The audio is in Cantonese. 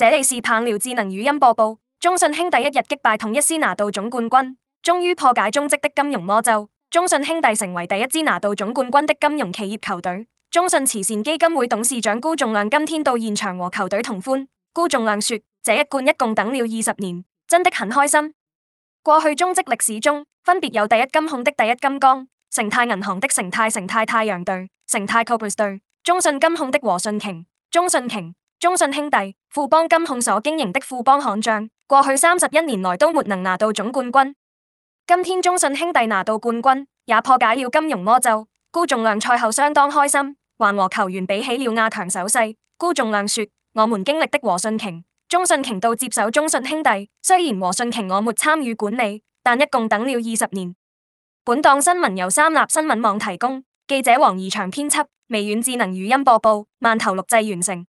這裡是棒聊智能語音播報，中信兄弟一日擊敗統一獅拿到總冠軍，終於破解中職的金融魔咒。中信兄弟成為第一支拿到總冠軍的金融企業球隊。中信慈善基金會董事長辜仲諒今天到現場和球隊同歡。辜仲諒說：這一冠一共等了二十年，真的很開心。過去中職歷史中，分別有第一金控的第一金剛、成泰銀行的成泰成泰太陽隊、成泰 Cobras 隊、中信金控的和信瓊、中信瓊。中信兄弟富邦金控所經營的富邦悍將，過去三十一年來都沒能拿到總冠軍。今天中信兄弟拿到冠軍，也破解了金融魔咒。辜仲諒賽後相當開心，還和球員比起了阿強手勢。辜仲諒說：我們經歷的和信鯨、中信鯨到接手中信兄弟，雖然和信鯨我沒參與管理，但一共等了二十年。本檔新聞由三立新聞網提供，記者王怡翔編輯，微軟智能語音播報，萬頭錄製完成。